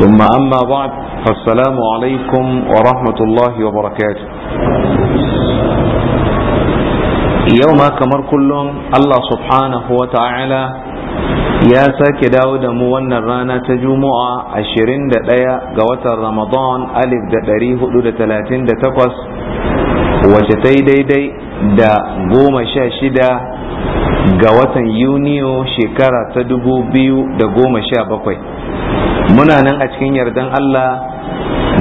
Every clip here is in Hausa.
ثم أما بعد فالسلام عليكم ورحمة الله وبركاته يوم كمر كلهم الله سبحانه وتعالى يا ساكي داود موانا رانا تجمعة عشرين دقيا قوات رمضان ألف دقري هدو تلاتين دتقص وجتي دي دي دا قوم شاشدة قوات يونيو شكرة تدبو بيو دا قوم شابقوي muna nan a cikin yardan Allah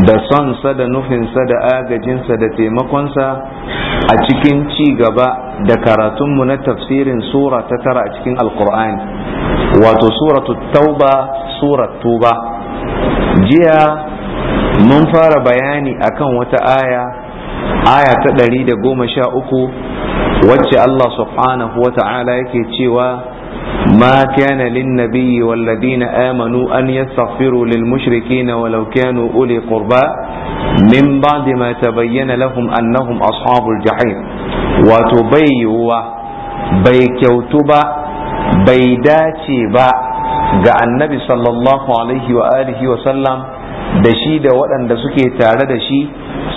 da sonsa da nufinsa da agajinsa da taimakonsa a cikin ci gaba da karatunmu na tafsirin sura ta tara a cikin alkur'ani wato suratu tauba surat tuba jiya mun fara bayani akan wata aya aya ta ɗari da goma sha uku wacce Allah subhanahu wa ta'ala yake cewa ما كان للنبي والذين آمنوا أن يستغفروا للمشركين ولو كانوا أولي قربى من بعد ما تبين لهم أنهم أصحاب الجحيم وتبيوا بيكوتبا بيداتبا ga annabi sallallahu alaihi wa alihi wa sallam da shi da waɗanda suke tare da shi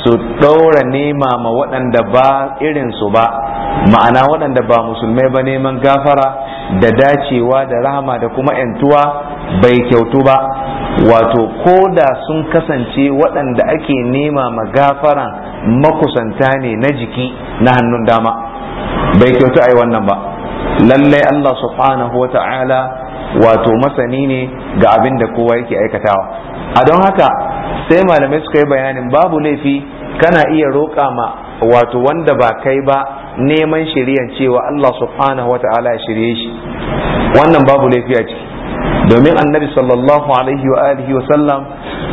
su ɗaura nema ma waɗanda ba irinsu ba ma'ana waɗanda ba musulmai ba neman gafara da dacewa da rahama da kuma 'yantuwa bai kyautu ba wato ko da sun kasance waɗanda ake nema ma gafaran makusanta ne na jiki na hannun dama bai kyautu a yi wannan ba lallai allah subhanahu wa ta'ala wato masani ne ga abin da kowa yake aikatawa a don haka sai malamai suka yi bayanin babu laifi kana iya roƙa ma wato wanda ba kai ba neman shiriyan cewa Allah subhanahu wata'ala ya shirye shi wannan babu laifi a ciki domin annabi sallallahu alaihi wa alihi wa sallam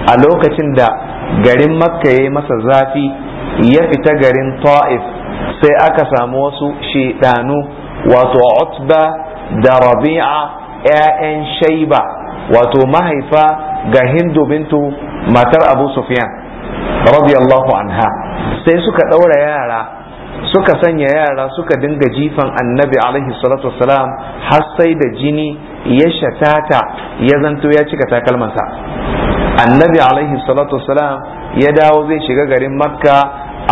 a lokacin da garin makka ya masa zafi ya fita garin ta'if sai aka samu wasu shiɗanu wato utba da rabi'a 'ya'yan shaiba wato mahaifa ga hindu bintu matar abu sufyan radiyallahu anha sai suka ɗaura yara suka sanya yara suka dinga jifan annabi alaihi salatu wasalam har sai da jini ya shatata ya zanto ya cika takalmansa annabi alaihi salatu wasalam ya dawo zai shiga garin makka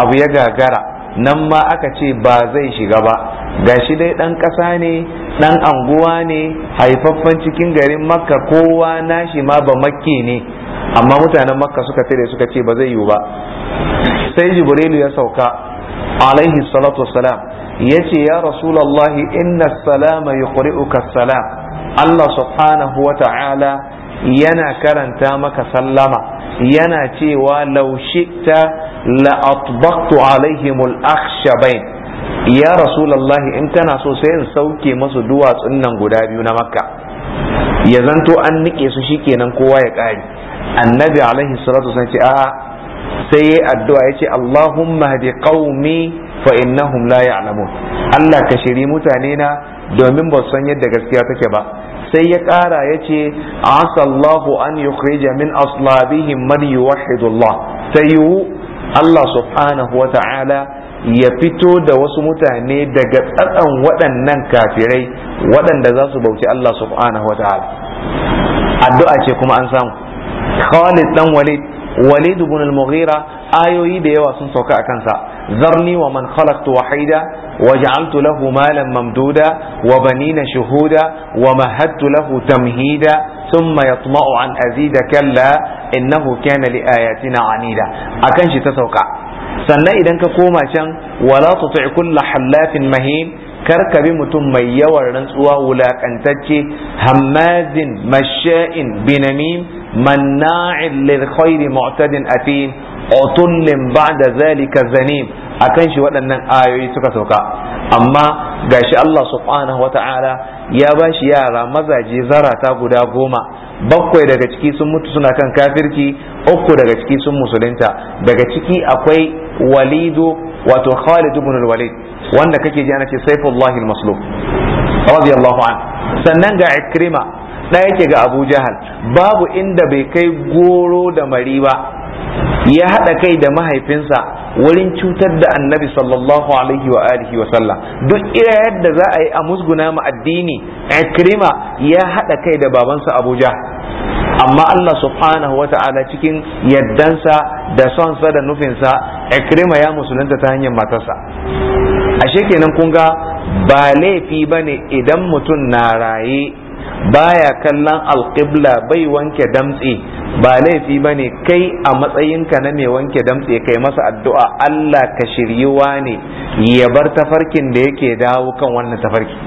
abu ya gagara nan ma aka ce ba zai shiga ba gashi dai ɗan ƙasa ne ɗan anguwa ne haifaffen cikin garin makka kowa nashi ma ba makke ne amma mutanen makka suka tare suka ce ba zai yiwu ba sai jibrilu ya sauka alaihi salatu wassalam ya ce ya rasulallahi inna salama ya ƙuri'uka salam Allah subhanahu wa ta'ala yana karanta maka sallama yana cewa laushita la atbaqtu alaihimul akhshabain ya rasulallahi in tana so sai in sauke masu duwatsun nan guda biyu na makka ya zanto an nike su shikenan kowa ya ƙari annabi alaihi salatu sun ce a'a sai yayi addu'a yace Allahumma hadi qaumi fa innahum la ya'lamun Allah ka shiri mutane na domin ba san yadda gaskiya take ba sai ya ƙara yace asallahu an yukhrija min aslabihim man yuwahhidu Allah sai Allah subhanahu wa ta'ala ya fito da wasu mutane daga tsatsan waɗannan kafirai waɗanda za su bauci Allah subhanahu wataala addu'a ce kuma an samu Khalid dan Walid Walid ibn al-Mughira ayoyi da yawa sun sauka a kansa zarni wa man khalaqtu wahida وجعلت له مالا ممدودا وبنين شهودا ومهدت له تمهيدا ثم يطمع عن أزيد كلا إنه كان لآياتنا عنيدا أكنش sauka. sannan idan ka koma can wala tuti kulla hallatin mahin kar ka bi mutum mai yawan rantsuwa wulakantacce hammazin masha'in binamin manna'in lil khairi mu'tadin atin utullin ba'da zalika zanim akan shi waɗannan ayoyi suka sauka amma gashi Allah subhanahu wata'ala ya ba shi yara mazaje zarata guda goma bakwai daga ciki sun mutu suna kan kafirki uku daga ciki sun musulunta daga ciki akwai walidu wato Khalid ibn al-Walid wanda kake ji ana ce Saifullahi al radiyallahu an sannan ga Ikrima ɗaya yake ga Abu Jahal babu inda bai kai goro da mari ba ya hada kai da mahaifinsa wurin cutar da annabi sallallahu alaihi wa alihi wa sallam duk ira yadda za a yi a musguna ma addini ikrima ya hada kai da babansa abuja amma Allah subhanahu wa ta'ala cikin yaddansa da sonsa da nufinsa ikrima ya musulunta ta hanyar matarsa ashe kenan kun ga ba laifi ba idan mutum na raye baya kallon alƙibla bai wanke damtse ba laifi bane kai a matsayinka na mai wanke damtse kai masa addu'a Allah ka shiryuwa ne ya bar tafarkin da yake dawo kan wannan tafarki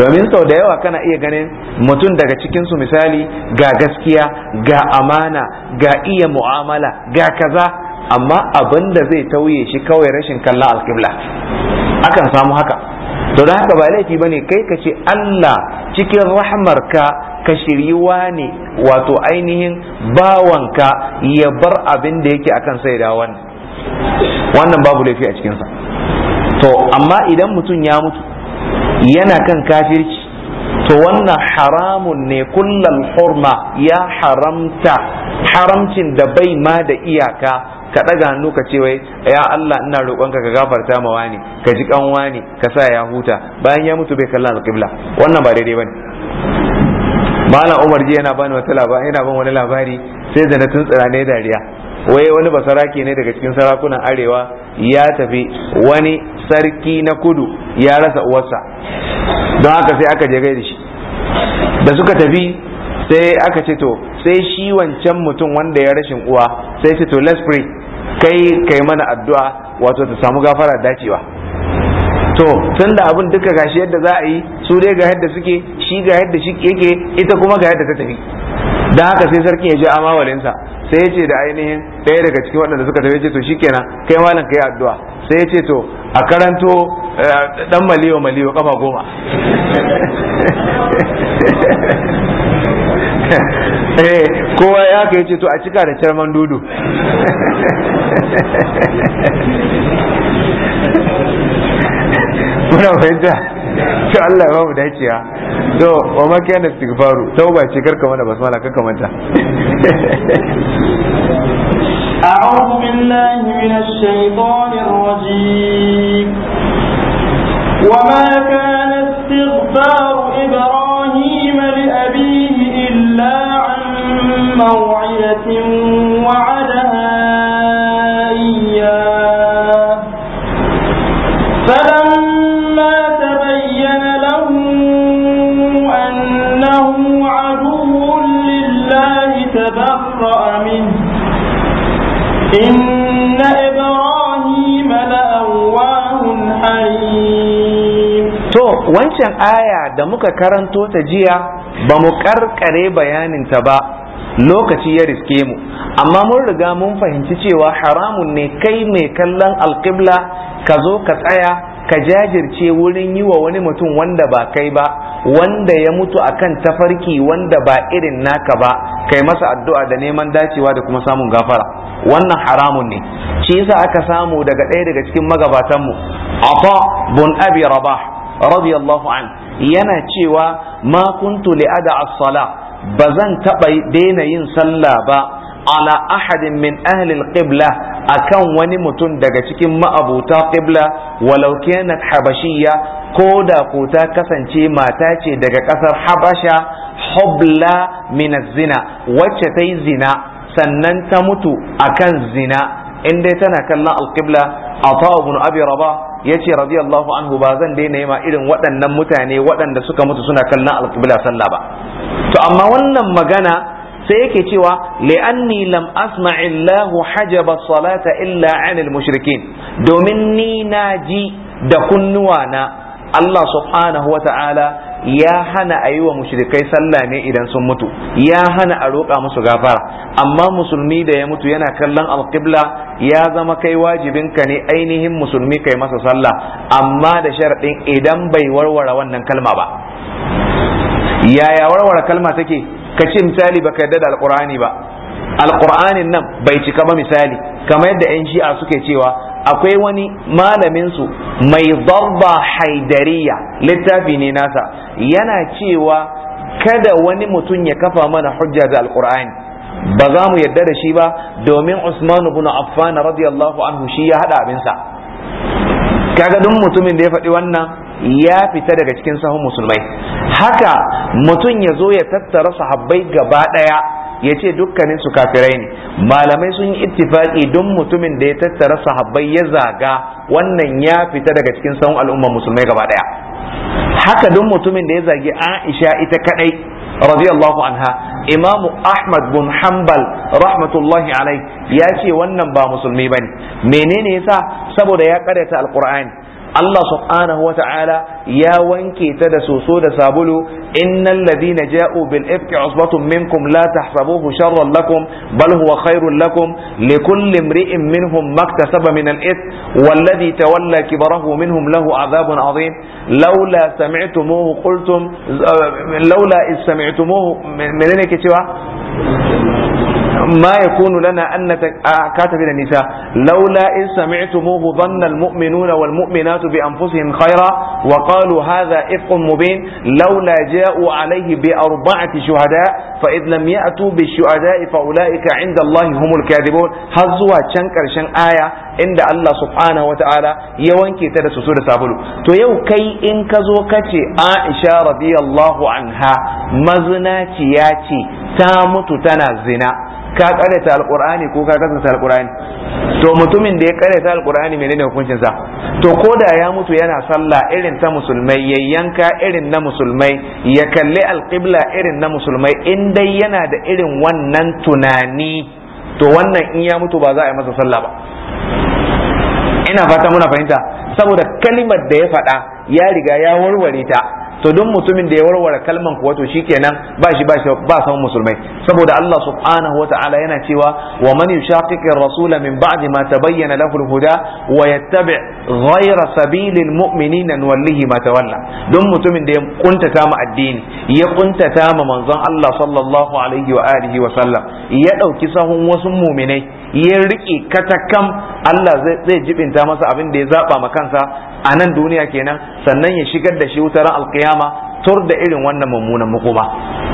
domin sau da yawa kana iya ganin mutum daga cikinsu misali ga gaskiya ga amana ga iya mu'amala ga kaza amma abin da zai tauye shi kawai rashin kalla alkibla akan samu haka to da haka ba laifi bane kai ka ce Allah cikin rahmarka ka shiriwa ne wato ainihin bawanka ya bar abin da yake akan sai da wannan babu laifi a cikinsa to amma idan mutum ya mutu yana kan kafirci to wannan haramun ne kullal hurma ya haramta haramcin da bai ma da iyaka ka ɗaga hannu ka ce wai ya Allah ina roƙonka ka gafarta ma wani ka ji kan wani ka sa ya huta bayan ya mutu bai kalla alƙibla wannan ba daidai bane malam Umar ji yana bani wata labari yana ban wani labari sai da na tuntsira ne dariya wai wani basarake ne daga cikin sarakunan arewa ya tafi wani sarki na kudu ya rasa uwarsa don haka sai aka je da shi da suka tafi sai aka ce to sai shi wancan mutum wanda ya rashin uwa sai ce to let's pray kai kai mana addu'a wato ta samu gafara dacewa to tun da abin duka gashi yadda za a yi su dai ga yadda suke shi ga yadda shi yake ita kuma ga yadda ta tafi da haka sai sarkin ya je amawalinsa sai ya ce da ainihin ɗaya daga cikin waɗanda suka tafi ce to shikenan kai malam kai addu'a sai ya ce to a karanto dan eh, maliyo maliyo kafa goma eh kowa ya ka ce to a cika da carman dudu muna fahimta ce Allah ya bamu dacewa to wa ma kana istighfaru tauba ce karka mana basmala karka manta a'udhu billahi minash shaitanir rajim وما كان استغفار إبراهيم لأبيه إلا عن موعدة برأ إن إبراهيم لأواه حليم wancan aya da muka karanto ta jiya ba mu karkare ta ba lokaci ya riske mu amma mun riga mun fahimci cewa haramun ne kai mai kallon alƙibla ka zo ka tsaya ka jajirce wurin yi wa wani mutum wanda ba kai ba wanda ya mutu akan tafarki wanda ba irin naka ba kai masa addu'a da neman dacewa da kuma samun gafara wannan haramun ne shi yasa aka samu daga ɗaya daga cikin magabatanmu afa bun abi rabah radiyallahu an yana cewa ma kuntu li ada as-sala bazan taɓa daina yin sallah ba ala ahadin min ahlil qibla akan wani mutum daga cikin ma'abuta qibla walau kanat habashiyya ko da ko ta kasance mata ce daga kasar habasha hubla min zina wacce ta yi zina sannan ta mutu akan zina in dai tana kallon alqibla ata ibn abi ya ce radiyallahu anhu ba zan daina yi ma irin waɗannan mutane waɗanda suka mutu suna kallon alƙibla sallah ba to amma wannan magana sai yake cewa li'anni lam asma illahu hajaba salata illa anil mushrikin domin ni na ji da na. Allah subhanahu wata'ala ya hana a yi wa mushrikai sallah ne idan sun mutu ya hana a roƙa musu gafara amma musulmi da ya mutu yana kallon alƙibla ya zama kai wajibin ka ne ainihin musulmi kai masa sallah amma da sharaɗin idan bai warware wannan kalma ba yaya warware kalma take ka ci misali baka yadda da alqur'ani ba alqur'anin nan bai cika ba misali kamar yadda yan shi'a suke cewa akwai wani malamin su mai darba haidariya littafi ne nasa yana cewa kada wani mutum ya kafa mana hujja da alqur'ani ba za mu yarda da shi ba domin Usman ibn Affan radiyallahu anhu shi ya hada abinsa kaga duk mutumin da ya faɗi wannan ya fita daga cikin sahun musulmai haka mutum ya zo ya tattara sahabbai gaba ɗaya ya ce dukkanin su kafirai ne malamai sun yi ittifaki don mutumin da ya tattara sahabbai ya zaga wannan ya fita daga cikin sahun al'ummar musulmai gaba ɗaya haka don mutumin da ya zagi aisha ita kadai radiyallahu anha imamu ahmad bin hanbal rahmatullahi alai ya ce wannan ba musulmi bane menene yasa saboda ya karyata alƙur'ani. Allah subhanahu wa ta'ala ya wanke ta da soso da sabulu innal ladina ja'u bil ifki usbatun minkum la tahsabuhu sharran lakum bal huwa khairun lakum likulli imri'in minhum maktasaba min al ith والذي تولى كبره منهم له عذاب عظيم لولا سمعتموه قلتم لولا إذ سمعتموه من cewa. ma yakunu lana an tafi da nisa laula in sami'tumuhu dhanna wal-muminatu bi anfusihim khaira wa qalu hadha ifqun mubin laula ja'u alayhi bi arba'ati shuhada fa id lam ya'tu bi shuhada fa ulaika 'inda allahi humul kadhibun har zuwa can karshen aya inda Allah subhanahu wa ta'ala ya wanke ta da susu da sabulu to yau kai in ka zo ka ce Aisha radiyallahu anha mazinaciya ce ta mutu tana zina ka karanta alqur'ani ko ka kasance alqur'ani to mutumin da ya karanta alqur'ani menene hukuncin sa to da ya mutu yana sallah irin ta musulmai ya yanka irin na musulmai ya kalli alqibla irin na musulmai in dai yana da irin wannan tunani to wannan in ya mutu ba za a yi masa sallah ba ina fata muna fahimta saboda kalimar da ya faɗa ya riga ya warware ta to duk mutumin da ya warware kalman kuwa to shikenan ba shi ba shi ba san musulmai saboda Allah subhanahu wa ta'ala yana cewa wa man yushaqiqir rasula min ba'di ma tabayyana lahu al-huda wa yattabi' ghayra sabilil mu'minina nuwallihi ma tawalla duk mutumin da ya kuntata ma addini ya kuntata ma manzon Allah sallallahu alaihi wa alihi wa sallam ya dauki sahun wasu mu'minai ya rike katakam Allah zai jibinta masa abin da ya zaba ma kansa a nan duniya kenan sannan ya shigar da shi wutar alkiyama tur da irin wannan mummunan mukuma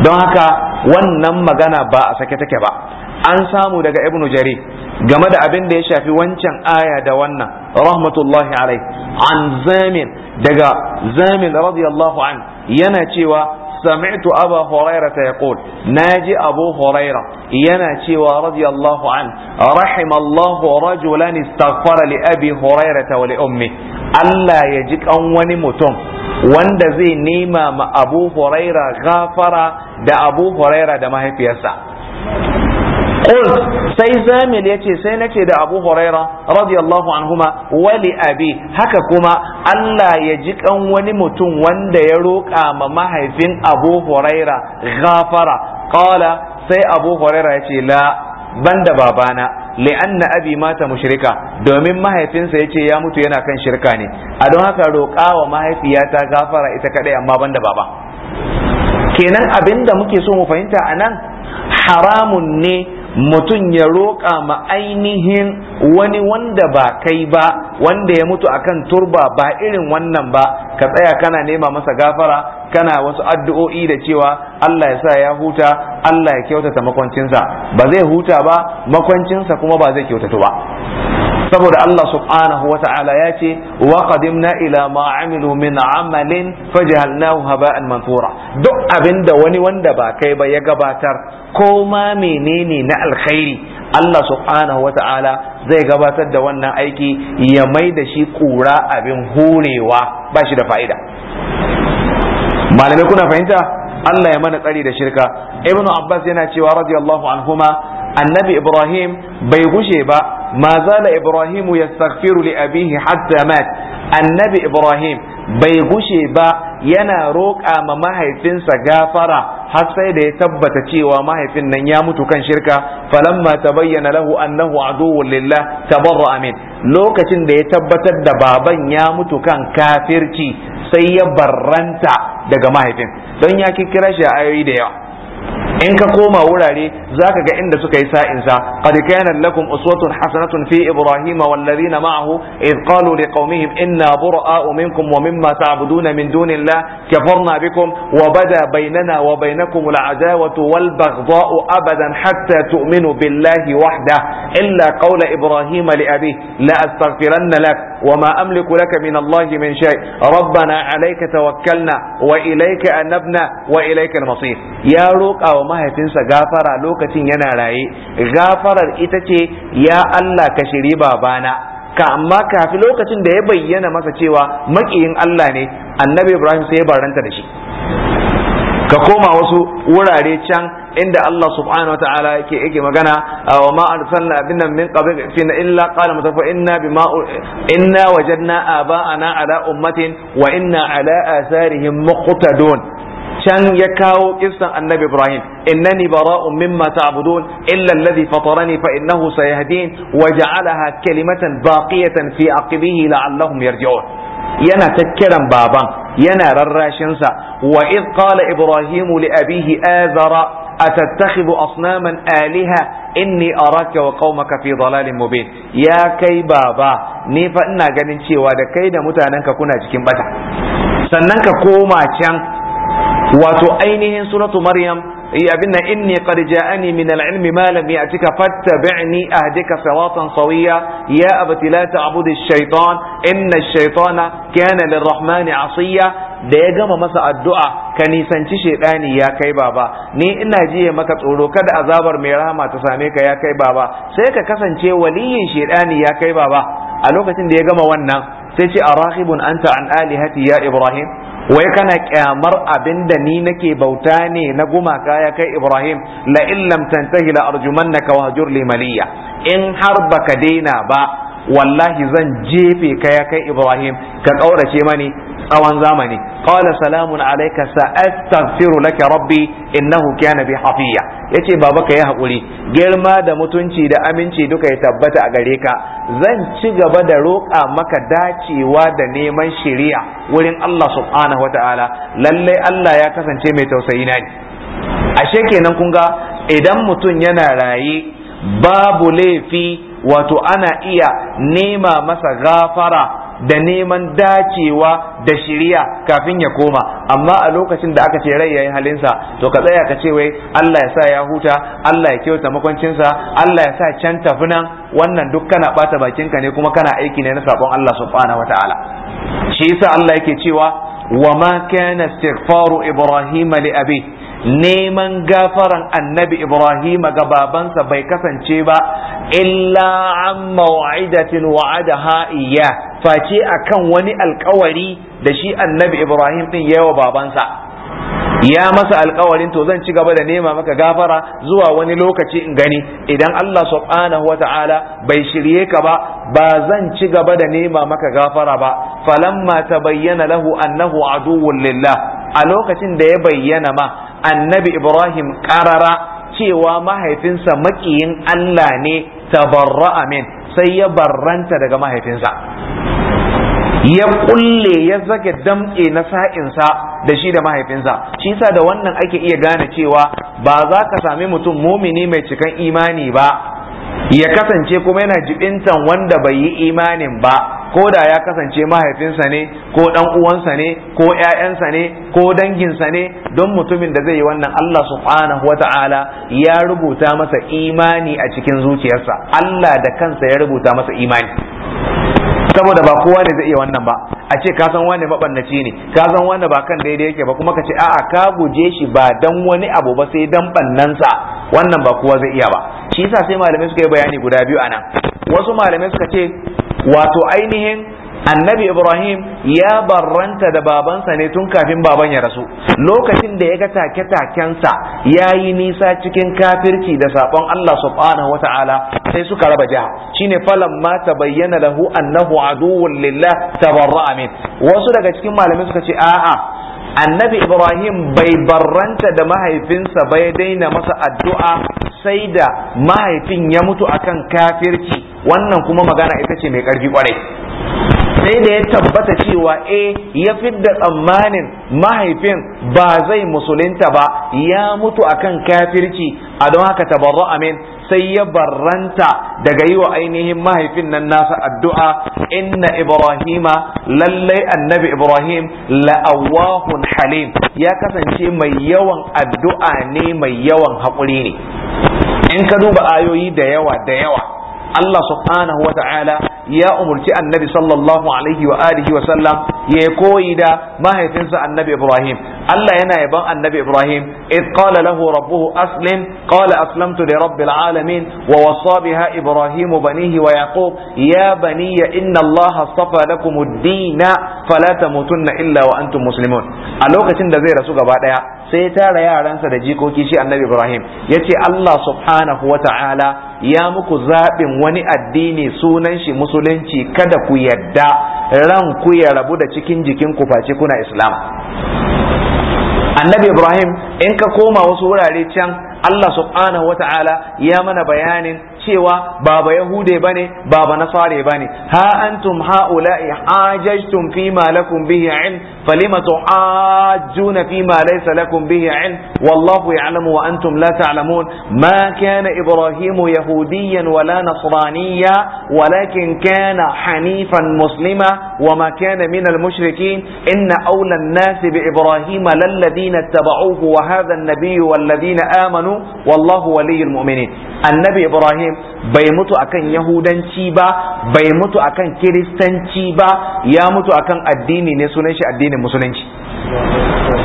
don haka wannan magana ba a sake take ba an samu daga ibnu jari game da abin da ya shafi wancan aya da wannan rahmatullahi alai an zamin daga zamin radiyallahu an yana cewa sami'tu abu huraira ta yaqul naji abu huraira yana cewa radiyallahu an rahimallahu rajulan istaghfara li abi huraira wa li ummi Allah ya ji kan wani mutum wanda zai nema ma abu huraira gafara da abu huraira da mahaifiyarsa qul sai zamil yace sai nace da abu huraira radiyallahu anhuma wali abi haka kuma Allah ya ji kan wani mutum wanda ya roƙa ma mahaifin abu huraira ghafara qala sai abu huraira yace la banda babana li'anna abi mata mu shirika domin mahaifinsa yace ya mutu yana kan shirika ne a don haka roƙawa mahaifiyata gafara ita kadai amma banda baba kenan abinda muke so mu fahimta anan haramun ne mutum ya roƙa ma ainihin wani wanda ba kai ba wanda ya mutu akan turba ba irin wannan ba ka tsaya kana nema masa gafara kana wasu addu'o'i da cewa Allah ya sa ya huta Allah ya kyautata makwancinsa ba zai huta ba makwancinsa kuma ba zai kyautatu ba saboda Allah subhanahu wa ta'ala ya ce wa qadimna ila ma amilu min amalin faj'alnahu haba'an manthura duk abinda wani wanda ba kai ba ya gabatar ko ma menene na alkhairi Allah subhanahu wa ta'ala zai gabatar da wannan aiki ya mai da shi kura abin horewa ba shi da fa'ida malamai kuna fahimta Allah ya mana tsari da shirka ibnu abbas yana cewa radiyallahu anhuma annabi ibrahim bai gushe ba Mazala zala ibrahimu yastaghfiru li abihi hatta mat annabi ibrahim bai gushe ba yana roƙa ma mahaifinsa gafara har sai da ya tabbata cewa mahaifin nan ya mutu kan shirka falamma bayyana lahu annahu aduwwun lillah tabarra amin lokacin da ya tabbatar da baban ya mutu kan kafirci sai ya barranta daga mahaifin don ya kira shi ayoyi da yawa in ka koma wurare zaka ga inda suka yi sa'insa qad kana lakum uswatun hasanatun fi ibrahima wal ladina ma'ahu id qalu liqaumihim inna bura'a'u minkum wa mimma ta'buduna min dunillah kafarna bikum wa bada bainana wa bainakum al adawatu wal baghdha'u abadan hatta tu'minu billahi wahdah illa qawla ibrahima li abihi la astaghfiranna lak wa ma amliku lak min allahi min shay rabbana alayka tawakkalna wa ilayka anabna wa ilayka al-masir ya أو mahaifinsa gafara lokacin yana raye gafarar ita ce ya Allah ka shiri babana ka amma kafi lokacin da ya bayyana masa cewa makiyin Allah ne annabi Ibrahim sai ya baranta da shi ka koma wasu wurare can inda Allah subhanahu wa ta'ala yake yake magana wa ma arsalna binna min qabl fina illa qala mutafa inna bima inna wajadna aba'ana ala ummatin wa inna ala atharihim muqtadun can ya kawo kissan annabi ibrahim innani bara'un mimma ta'budun illa alladhi fatarani fa innahu sayahdin wa ja'alaha kalimatan baqiyatan fi aqibihi la'allahum yarji'un yana ta kiran baban yana rarrashin sa wa id qala ibrahimu li abihi azara أتتخذ أصناما آلهة إني أراك وقومك في ضلال مبين يا كي بابا نيفا إنا ganin cewa da kai da mutanen ka kuna cikin bata sannan ka koma can wato ainihin suratu maryam eh, abin nan inni qad ja'ani min al-ilmi ma lam ya'tika fattabi'ni ahdika siratan sawiya ya abati la ta'budu ash-shaytan inna ash-shaytana kana lir-rahmani 'asiya da ya gama masa addu'a ka nisanci shedani ya kai baba ni ina jiye maka tsoro kada azabar mai rahama ta same ka ya kai baba sai ka kasance waliyin shedani ya kai baba a lokacin da ya gama wannan sai ce arahibun anta an alihati ya ibrahim wai kana kyamar abin da ni nake bauta ne na gumaka ya kai ibrahim la in lam tantahi la arjumannaka wahjur maliya in har baka daina ba wallahi zan jefe ka ya kai Ibrahim ka kaurace mani tsawon zamani qala salamun alayka astaghfiru laka rabbi innahu kana bi hafiya yace baba ka yi hakuri girma da mutunci da aminci duka ya tabbata a gare ka zan ci gaba da roƙa maka dacewa da neman shiriya wurin Allah subhanahu wataala lalle Allah ya kasance mai tausayi na ni ashe kenan kun ga idan mutum yana raye babu laifi wato ana iya nema masa gafara da neman dacewa da shirya kafin ya koma amma a lokacin da aka ce rai yayin halinsa to ka tsaya ka ce wai Allah ya sa ya huta Allah ya kyauta makwancinsa Allah ya sa can tafi nan wannan duk kana bata bakinka ne kuma kana aiki ne na sabon Allah subhanahu wataala shi yasa Allah yake cewa wa ma kana istighfaru ibrahima li abi neman gafaran annabi Ibrahim ga babansa bai kasance ba illa an maw'idatin wa'ada iya face akan wani alkawari da shi annabi Ibrahim din yawa babansa ya masa alkawarin to zan ci gaba da nema maka gafara zuwa wani lokaci in gani idan Allah subhanahu wata'ala bai shirye ka ba ba zan ci gaba da nema maka gafara ba falamma bayyana lahu annahu aduwwun lillah a lokacin da ya bayyana ma annabi Ibrahim ƙarara cewa mahaifinsa maƙiyin Allah ne tabarra amin sai ya barranta daga mahaifinsa ya kulle ya zage damke na sa'insa da shi da mahaifinsa shi sa da wannan ake iya gane cewa ba za ka sami mutum mumini mai cikan imani ba ya kasance kuma yana jibintan wanda bai yi imanin ba ko da ya kasance mahaifinsa ne ko dan uwansa ne ko ƴaƴansa ne ko danginsa ne don mutumin da zai yi wannan Allah subhanahu wata'ala ya rubuta masa imani a cikin zuciyarsa Allah da kansa ya rubuta masa imani saboda ba kowa ne zai iya wannan ba a ce ka san wane mabannaci ne ka san wane ba kan daidai yake ba kuma ka ce a'a ka guje shi ba dan wani abu ba sai dan bannansa wannan ba kowa zai iya ba shi yasa sai malamai suka yi bayani guda biyu anan wasu malamai suka ce wato ainihin annabi ibrahim ya barranta da babansa ne tun kafin baban ya rasu lokacin da ya ga take-takensa ya yi nisa cikin kafirci da sabon allah subhanahu wa ta'ala sai suka raba jiha shine falan ma ta bayyana lahu annahu aduwwun lillah tabarra amin wasu daga cikin malamai suka ce a'a annabi ibrahim bai barranta da mahaifinsa ba ya daina masa addu'a sai da mahaifin ya mutu akan kafirci wannan kuma magana ita ce mai ƙarfi kwarai sai da ya tabbata cewa eh ya fidda tsammanin mahaifin ba zai musulunta ba ya mutu akan kafirci a don haka tabarra amin sai ya barranta daga yi wa ainihin mahaifin nan nasa addu'a inna ibrahima lallai annabi ibrahim la'awahun halim ya kasance mai yawan addu'a ne mai yawan haƙuri ne in ka duba ayoyi da yawa da yawa Allah subhanahu wa ta'ala ya umurci annabi sallallahu alaihi wa alihi wa sallam ya koyi da mahaifinsa annabi Ibrahim Allah yana yaban annabi Ibrahim id qala lahu rabbuhu aslim qala aslamtu li rabbil alamin wa wasa biha Ibrahim banihi wa yaqub ya bani inna Allah astafa lakum ad-din fala tamutunna illa wa antum muslimun a lokacin da zai rasu gaba daya sai ya tara yaransa da jikoki shi annabi ibrahim ya ce allah subhanahu wa ta'ala ya muku zaɓin wani addini sunan shi musulunci kada ku yadda ran ku ya rabu da cikin jikin ku face kuna islam annabi ibrahim in ka koma wasu wurare can allah subhanahu wa ta'ala ya mana bayanin cewa baba yahude bane baba nasare bane ha antum haula'i hajajtum fi ma lakum bihi ilm falima tuhajjuna fi ma laysa lakum bihi ilm wallahu ya'lamu wa antum la ta'lamun ma kana ibrahimu yahudiyan wala nasraniya ولكن كان حنيفا مسلما وما كان من المشركين إن أولى الناس بإبراهيم للذين اتبعوه وهذا النبي والذين آمنوا والله ولي المؤمنين النبي إبراهيم bai mutu akan yahudanci ba bai mutu akan kiristanci ba ya mutu akan addini ne sunan shi addinin musulunci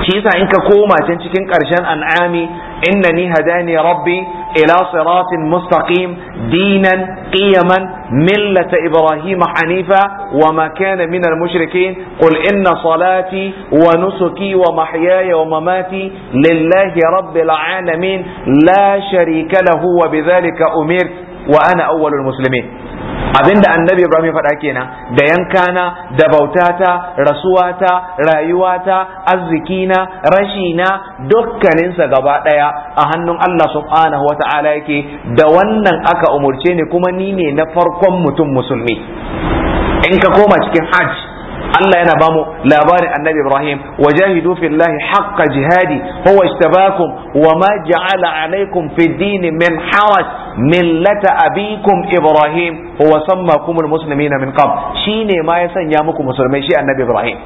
shi yasa in ka koma can cikin ƙarshen an'ami innani hadani rabbi ila siratin mustaqim dinan qiyaman millata ibrahim hanifa wa ma kana min al mushrikin qul inna salati wa nusuki wa mahyaya wa mamati lillahi rabbil alamin la sharika lahu wa bidhalika wa ana awwalul muslimin abinda annabi Ibrahim ya faɗa kenan da yankana da bautata rasuwata rayuwata arzikina rashina dukkaninsa gaba ɗaya a hannun Allah subhanahu wa ta'ala yake da wannan aka umurce ni kuma ni ne na farkon mutum musulmi in ka koma cikin hajj Allah yana bamu labarin annabi Ibrahim wajahidu fillahi haqqa jihadi huwa ishtabakum wa ma ja'ala alaykum fid din min haraj millata abikum Ibrahim huwa sammakum almuslimina min qabl shine ma ya sanya muku musulmai shi annabi Ibrahim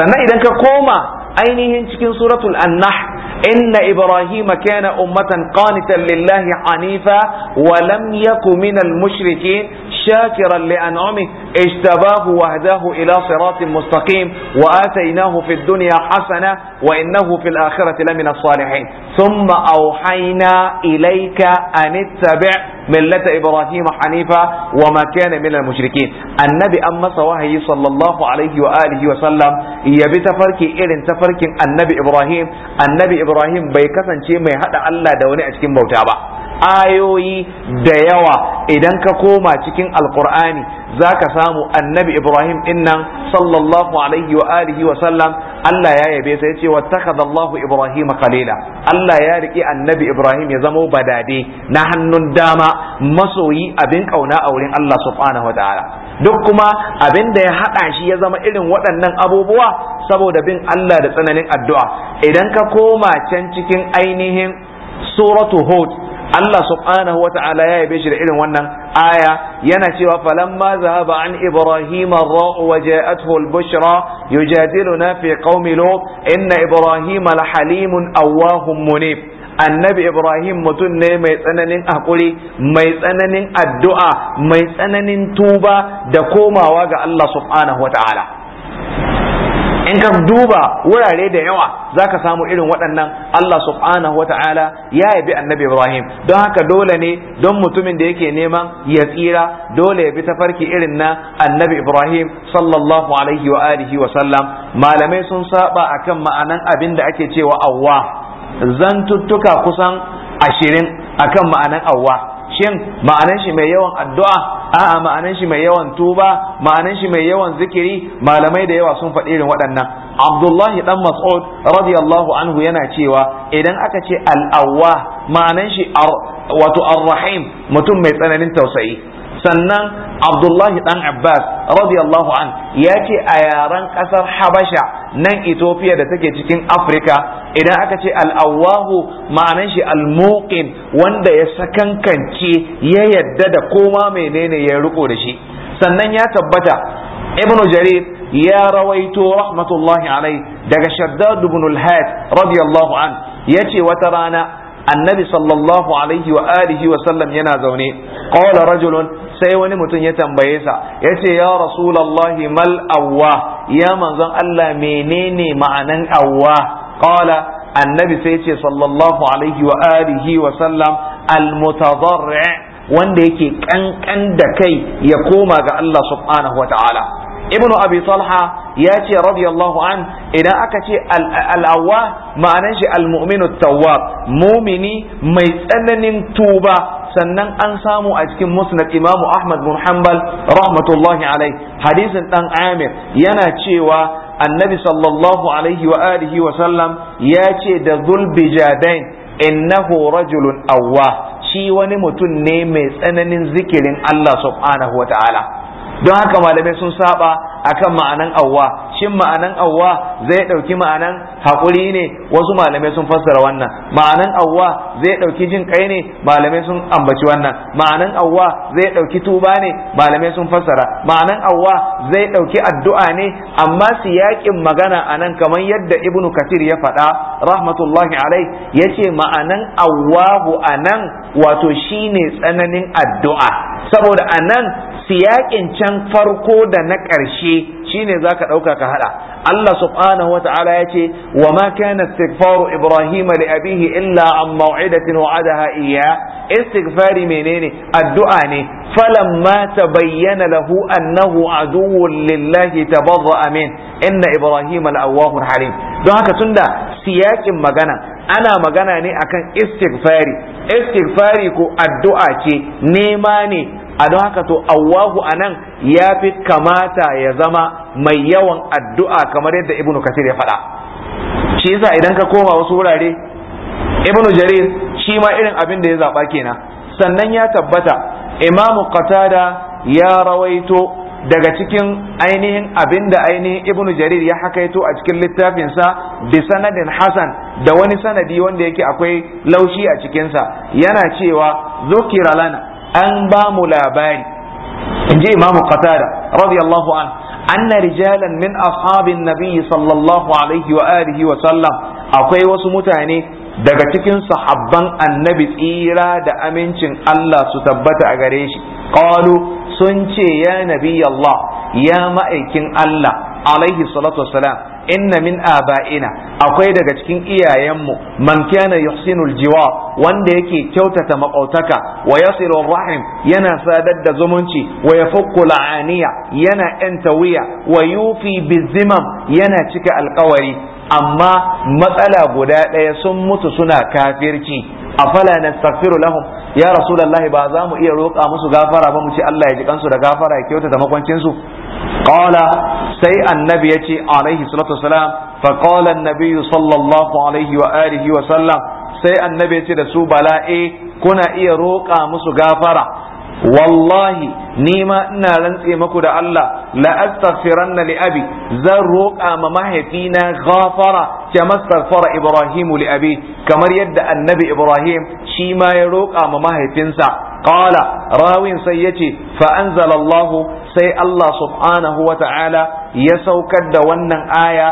sannan idan ka koma ainihin cikin suratul annahl إن إبراهيم كان أمة قانتا لله حنيفا ولم يك من المشركين شاكرا لأنعمه اجتباه وهداه إلى صراط مستقيم وآتيناه في الدنيا حسنة وإنه في الآخرة لمن الصالحين ثم أوحينا إليك أن اتبع ملة إبراهيم حنيفا وما كان من المشركين النبي أما وحي صلى الله عليه وآله وسلم يبي تفركي إلين تفركي النبي إبراهيم النبي إبراهيم بيكسن شيء ما يحدى الله دوني أشكين بوتابا ayoyi da yawa idan ka koma cikin alkur'ani za ka samu annabi ibrahim innan sallallahu alaihi wa alihi wa sallam Allah ya yabe sa yace wattakhadha Allahu Ibrahim khalila Allah ya rike annabi Ibrahim ya zamo badade na hannun dama masoyi abin kauna a wurin Allah subhanahu Ta'ala. duk kuma abin da ya haɗa shi ya zama irin waɗannan abubuwa saboda bin Allah da tsananin addu'a idan ka koma can cikin ainihin suratu Hud Allah subhanahu wa ta'ala ya yabe shi da irin wannan aya yana cewa falamma zahaba an ibrahim ar-ra'u wa ja'athu al-bushra yujadiluna fi qaumi lut inna ibrahim al-halimun awwahum munib annabi ibrahim mutum ne mai tsananin hakuri mai tsananin addu'a mai tsananin tuba da komawa ga Allah subhanahu wa ta'ala in ka duba wurare da yawa za ka samu irin waɗannan Allah subhanahu ta'ala ya yabi annabi Ibrahim don haka dole ne don mutumin da yake neman ya tsira dole ya bi tafarki irin na annabi Ibrahim sallallahu alaihi wa alihi wa sallam malamai sun saba akan ma'anan abin da ake cewa awwa zantuttuka kusan ashirin akan ma'anan awwa shin ma'anan shi mai yawan addu'a a'a ma'anan shi mai yawan tuba ma'anan shi mai yawan zikiri malamai da yawa sun faɗi irin waɗannan abdullahi dan mas'ud radiyallahu anhu yana cewa idan aka ce al'awwa ma'anan shi wato ar-rahim mutum mai tsananin tausayi sannan abdullahi dan abbas radiyallahu an ya ce a yaren kasar habasha nan ethiopia da take cikin afirka idan aka ce al'awahu ma'anan shi al-muqin wanda ya sakankance ya yadda da koma menene ya riko da shi sannan ya tabbata ibn jarir ya rawaito rahmatullahi alai daga shaddad ibn al-had radiyallahu an yace wata rana annabi sallallahu alaihi wa alihi wa sallam yana zaune qala rajulun sai wani mutum ya tambaye sa yace ya rasulullahi mal awwa ya manzon Allah menene ma'anan awwa qala annabi sai yace sallallahu alaihi wa alihi wa sallam al mutadarri wanda yake ƙanƙan da kai ya koma ga Allah subhana wa ta'ala ibn abi talha ya ce radiyallahu an idan aka ce al'awwa ma'anan shi al-mu'minu tawwab mumini mai tsananin tuba sannan an samu a cikin musnad imam ahmad bin hanbal rahmatullahi alai hadisin dan amir yana cewa annabi sallallahu alaihi wa alihi wa sallam ya ce da zulbijadain innahu rajulun awwa shi wani mutum ne mai tsananin zikirin Allah subhanahu wa ta'ala don haka malamai sun saba akan ma'anan awwa shin ma'anan awwa zai ɗauki ma'anan haƙuri ne wasu malamai sun fassara wannan ma'anan awwa zai ɗauki jin kai ne malamai sun ambaci wannan ma'anan awwa zai ɗauki tuba ne malamai sun fassara ma'anan awwa zai ɗauki addu'a ne amma siyaƙin magana anan kamar yadda ibnu kathir ya faɗa rahmatullahi alai yace ma'anan awwahu anan wato shine tsananin addu'a saboda anan siyaƙin can farko da na ƙarshe eh shine zaka dauka ka hada Allah subhanahu wa ta'ala yace wa ma kana istighfaru ibrahim li abihi illa an maw'idatin wa'adaha iya istighfari menene addu'a ne falamma tabayyana lahu annahu aduwwun lillahi tabarra'a min inna ibrahim al-awwahur halim don haka tunda siyakin magana ana magana ne akan istighfari istighfari ko addu'a ce nema ne a don haka to Allahu anan ya fi kamata ya zama mai yawan addu'a kamar yadda ibnu kasir ya faɗa shi yasa idan ka koma wasu wurare ibnu jarir shi ma irin abin da ya zaɓa kenan sannan ya tabbata imamu qatada ya rawaito daga cikin ainihin abin da ainihin ibnu jarir ya hakaito a cikin littafinsa bi sanadin hasan da wani sanadi wanda yake akwai laushi a cikinsa yana cewa zukira lana an ba mu labari in ji imamu qatada radiyallahu an anna rijalan min ashabin nabiyyi sallallahu alaihi wa alihi wa sallam akwai wasu mutane daga cikin sahabban annabi tsira da amincin Allah su tabbata a gare shi qalu sun ce ya nabiyallah Allah ya ma'aikin Allah alaihi salatu wassalam inna min aba'ina akwai daga cikin iyayenmu man kana yuhsinul jiwa wanda yake kyautata makautaka wa yasilu rahim yana sadar da zumunci wa yafukku la'aniya yana yanta wuya wa yufi bizimam yana cika alkawari amma matsala guda ɗaya sun mutu suna kafirki. A afala nastaghfiru lahum ya rasulullahi ba za mu iya roƙa musu gafara ba mu ce Allah ya ji kansu da gafara ya kyautata makwancinsu?" qala sai annabi yace alaihi salatu wasalam fa qala annabi sallallahu alaihi wa alihi wa sallam sai annabi yace da su bala'i kuna iya roƙa musu gafara wallahi ni ma ina rantse maku da Allah la astaghfiranna li'abi, zan roƙa ma mahaifina gafara kama astaghfara Ibrahim li'abi. kamar yadda annabi Ibrahim shi ma ya roƙa ma mahaifinsa qala rawin sai yace fa anzalallahu sai Allah subhanahu wa ta'ala ya saukar da wannan aya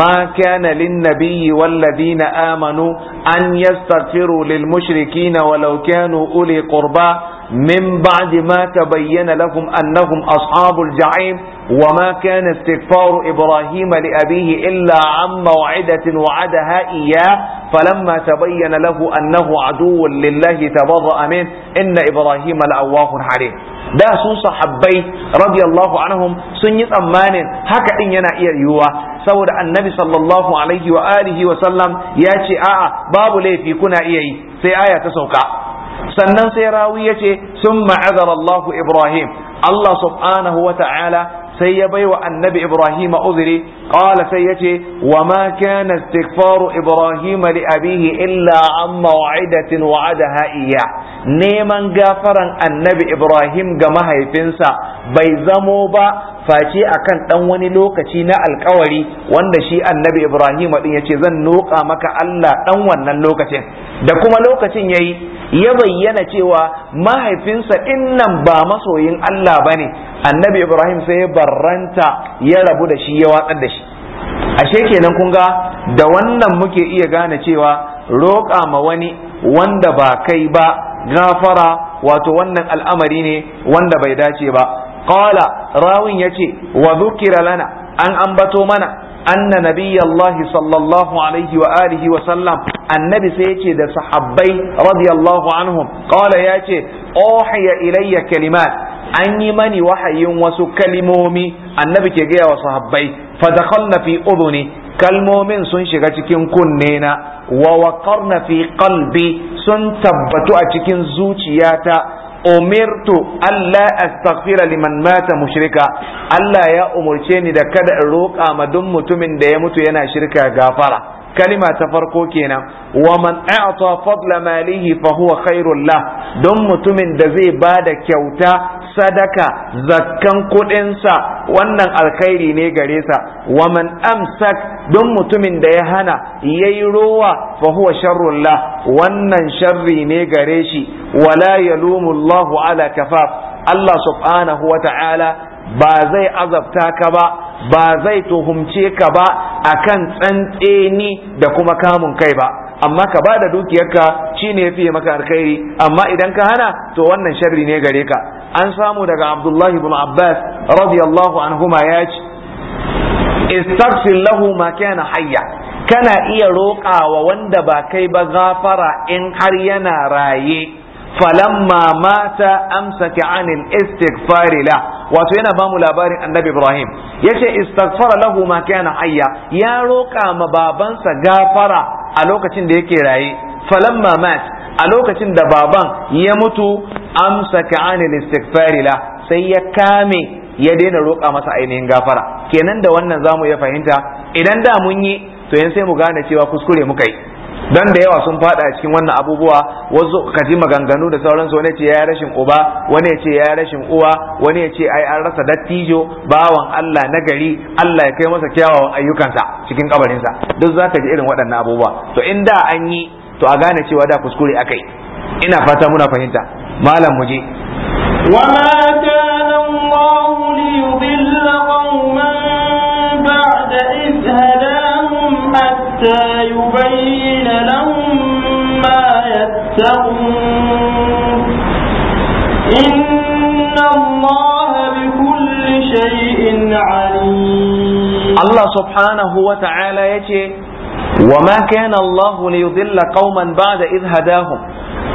ma kana lin nabiyyi walladina amanu an yastaghfiru lil mushrikina walau kanu uli qurba من بعد ما تبين لهم أنهم أصحاب الجحيم وما كان استغفار إبراهيم لأبيه إلا عن موعدة وعدها إياه فلما تبين له أنه عدو لله تبرأ منه إن إبراهيم لأواه حليم da su sahabbai radiyallahu anhum sun yi tsammanin haka din yana iya yiwuwa saboda annabi sallallahu alaihi wa alihi wa sallam ya ce a'a babu laifi kuna iya yi sai aya ta sauka sannan sai rawi ya ce sun ma'azar Allahu Ibrahim Allah subhanahu wa ta'ala sai ya baiwa annabi Ibrahim uzuri qala sai ya ce wa ma kana istighfaru Ibrahim li abihi illa an maw'idatin wa'adaha iya neman gafaran annabi Ibrahim ga mahaifinsa bai zamo ba face akan dan wani lokaci na alkawari wanda shi annabi Ibrahim din yace zan noka maka Allah dan wannan lokacin da kuma lokacin yayi ya bayyana cewa mahaifinsa nan ba masoyin Allah bane annabi Ibrahim sai ya barranta ya rabu da shi ya watsar da shi ashe kenan kun ga da wannan muke iya gane cewa roƙa ma wani wanda ba kai ba gafara wato wannan al'amari ne wanda bai dace ba qala rawin yace wa dhukira lana an ambato mana anna nabiyallahi sallallahu alaihi wa alihi wa sallam annabi sai yace da sahabbai radiyallahu anhum qala yace uhiya ilayya kalima, an yi mani wahayin wasu kalimomi annabi ke gaya wa sahabbai fadakhalna fi ne, kalmomin sun shiga cikin kunne na wa waqarna fi qalbi sun tabbatu a cikin zuciyata umirtu Allah astaghfira liman mata mushrika Allah ya umurce ni da kada in roƙa ma duk mutumin da ya mutu yana shirka gafara kalima ta farko kenan wa man a'ta fadla malihi fa huwa khairul lah don mutumin da zai bada kyauta sadaka zakkan kuɗinsa wannan alkhairi ne gare sa wa man amsak don mutumin da ya hana yayi rowa fa huwa sharrul lah wannan sharri ne gare shi wala yalumu Allahu ala kafaf Allah subhanahu wa ta'ala ba zai azabta ka ba ba zai tuhumce ka ba a kan tsantseni da kuma kamun kai ba amma ka ba da dukiyarka shine fiye maka alkhairi amma idan ka hana to wannan sharri ne gare ka an samu daga Abdullahi bin Abbas radiyallahu anhuma ya ce istaghfir lahu ma kana hayya kana iya roƙawa wanda ba kai ba gafara in har yana raye falamma mata amsaka anil istighfari la wato yana ba mu labarin annabi ibrahim yace istaghfara lahu ma kana hayya ya roƙa ma babansa gafara a lokacin da yake raye falamma mat a lokacin da baban ya mutu amsaka anil istighfari la sai ya kame ya daina roƙa masa ainihin gafara kenan da wannan zamu iya fahimta idan da mun yi to yan sai mu gane cewa kuskure muka yi dan da yawa sun fada cikin wannan abubuwa wasu ka ji maganganu da sauransu wani ce ya rashin uba wani ce ya rashin uwa wani ce ai an rasa dattijo bawan Allah na gari Allah ya kai masa kyawawan ayyukansa cikin kabarinsa duk zaka ji irin waɗannan abubuwa to in da an yi to a gane cewa da kuskure akai ina fata muna fahimta malam muje ma kana Allah li حتى يبين لهم ما يتقون إن الله بكل شيء عليم الله سبحانه وتعالى يتي وما كان الله ليضل قوما بعد إذ هداهم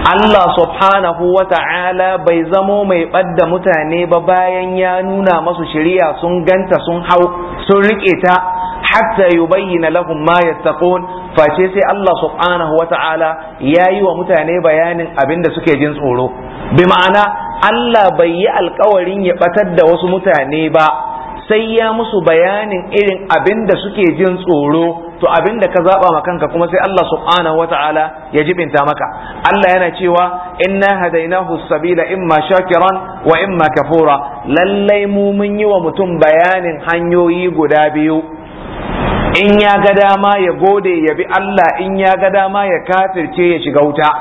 Allah subhanahu wa ta'ala bai zamo mai ɓadda mutane ba bayan ya nuna masu shiriya sun ganta sun hau sun riƙe ta hatta yubayyana lahum ma yattaqun face sai Allah subhanahu wa ta'ala ya yi wa mutane bayanin abin da suke jin tsoro bi ma'ana Allah bai yi alkawarin ya ɓatar da wasu mutane ba sai ya musu bayanin irin abin da suke jin tsoro to abin da ka zaba ma kanka kuma sai Allah subhanahu wataala ya jibinta maka Allah yana cewa inna hadainahu sabila imma shakiran wa imma kafura lallai mu mun yi wa mutum bayanin hanyoyi guda biyu in ya ga dama ya gode ya bi Allah in ya ga dama ya kafirce ya shiga wuta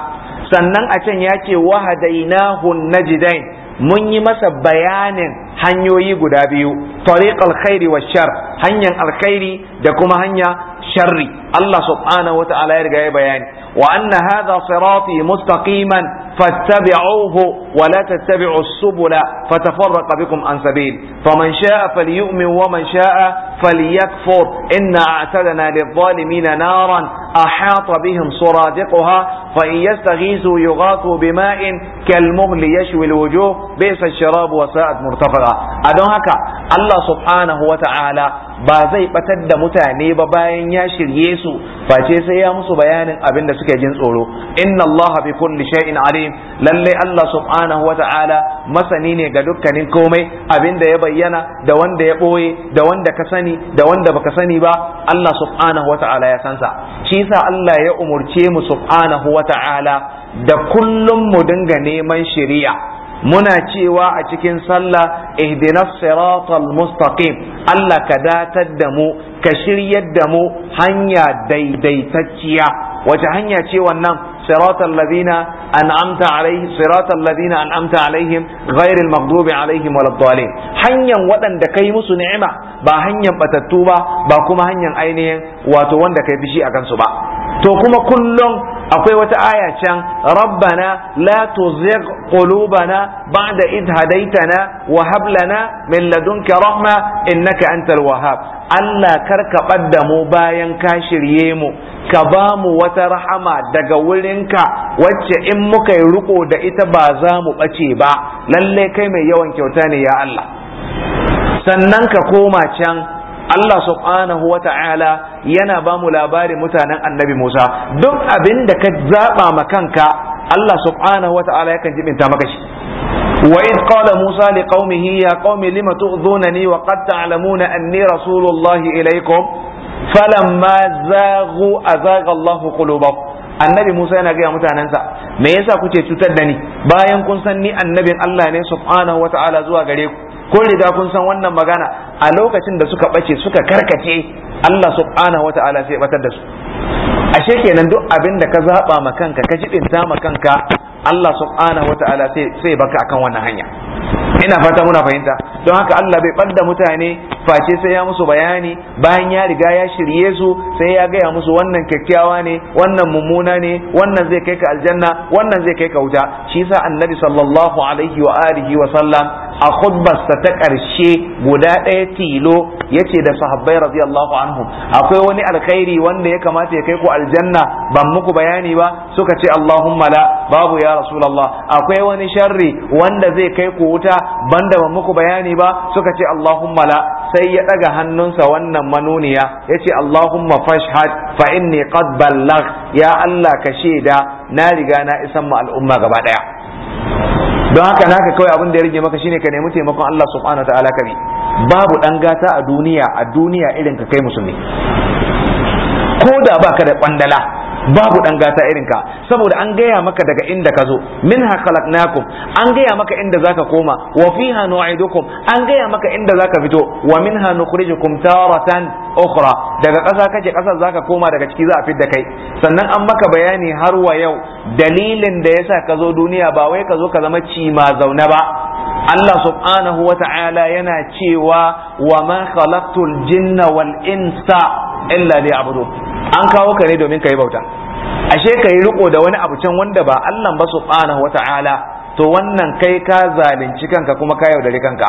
sannan a can ya ce wa hadainahu najidain mun yi masa bayanin hanyoyi guda biyu tariqal khairi wa shar hanyar alkhairi da kuma hanya شري الله سبحانه وتعالى يرجع بيان وأن هذا صراطي مستقيما فاتبعوه ولا تتبعوا السبل فتفرق بكم عن سبيل فمن شاء فليؤمن ومن شاء فليكفر إن أعتدنا للظالمين نارا أحاط بهم سرادقها فإن يستغيثوا يغاثوا بماء كالمهل يشوي الوجوه بئس الشراب وساءت مرتفقة أدون هكا الله سبحانه وتعالى بازي بتد متاني بباين mutane ba فاتيسي يا مصبيان أبن face sai ya musu bayanin abin alim lalle Allah subhanahu wata'ala masani ne ga dukkanin komai abinda ya bayyana da wanda ya boye da wanda ka sani da wanda baka sani ba Allah subhanahu wata'ala ya sansa shi yasa Allah ya umurce mu subhanahu wata'ala da kullum mu dinga neman shari'a muna cewa a cikin sallah ihdinas siratal mustaqim Allah ka datar da mu ka shiryar da mu hanya daidaitacciya wace hanya ce wannan siratal ladina an'amta alaihim siratal ladina an'amta alaihim ghairil maghdubi alaihim waladdallin hanyan waɗanda kai musu ni'ima ba hanyar batattu ba ba kuma hanyar ainihin wato wanda kai bishi a kansu ba to kuma kullum akwai wata aya can rabbana la tuzigh qulubana ba'da id hadaitana wa hab lana min ladunka rahma innaka antal wahhab Allah karka ɓadda mu bayan ka shirye mu ka ba mu wata rahama daga wurinka wacce in muka yi riko da ita ba za mu ɓace ba lalle kai mai yawan kyauta ne ya Allah sannan ka koma can Allah subhanahu wa ta'ala yana ba mu labarin mutanen annabi Musa duk abin da ka zaɓa ma kanka Allah subhanahu wa ta'ala yakan jibinta maka shi وإذ musa موسى ya يا قوم لم تؤذونني وقد تعلمون أني رسول الله إليكم فلما زاغوا أزاغ الله قلوبهم annabi Musa yana gaya mutanensa me yasa kuke cutar da ni bayan kun san ni annabin Allah ne subhanahu ta'ala zuwa gare ku kun riga kun san wannan magana a lokacin da suka bace suka karkace Allah subhanahu wataala sai batar da su ashe kenan duk abin da ka zaba ma kanka ka jibinta ma kanka Allah subhanahu wataala sai sai baka akan wannan hanya ina fata muna fahimta don haka Allah bai ɓadda mutane face sai ya musu bayani bayan ya riga ya shirye su sai ya gaya musu wannan kyakkyawa ne wannan mummuna ne wannan zai kai ka aljanna wannan zai kai ka wuta shi yasa annabi sallallahu alaihi wa alihi wa sallam a khutbarsa ta ƙarshe guda ɗaya tilo yace da sahabbai radiyallahu anhum akwai wani alkhairi wanda ya kamata ya kai ku aljanna ban muku bayani ba suka ce Allahumma la babu ya ya akwai wani sharri wanda zai kai ku wuta banda ba muku bayani ba suka ce allahumma la sai ya daga hannunsa wannan manuniya yace allahumma fashhad fa inni qad ballagh ya allah ka shaida na riga na isan mu al'umma gaba ɗaya. don haka naka kawai abin ya rage maka shine ka nemi taimakon Allah subhanahu wa ta'ala kabi babu ɗan gata a duniya a duniya irin ka kai musulmi ko da baka da kwandala babu dan gata irin ka saboda an gaya maka daga inda ka zo minha khalaqnakum an gaya maka inda zaka koma wa fiha nu'idukum an gaya maka inda zaka fito wa minha nukhrijukum taratan ukhra daga ƙasa kaje ƙasa zaka koma daga ciki za a da kai sannan an maka bayani har wa yau dalilin da yasa ka zo duniya ba wai ka zo ka zama ci ma zaune ba Allah subhanahu wa ta'ala yana cewa wa ma khalaqtul jinna wal insa illa li abudu an kawo ka ne domin ka yi bauta ashe ka yi riko da wani abu can wanda ba Allah ba subhanahu wata'ala to wannan kai ka zalunci kanka kuma ka yaudari kanka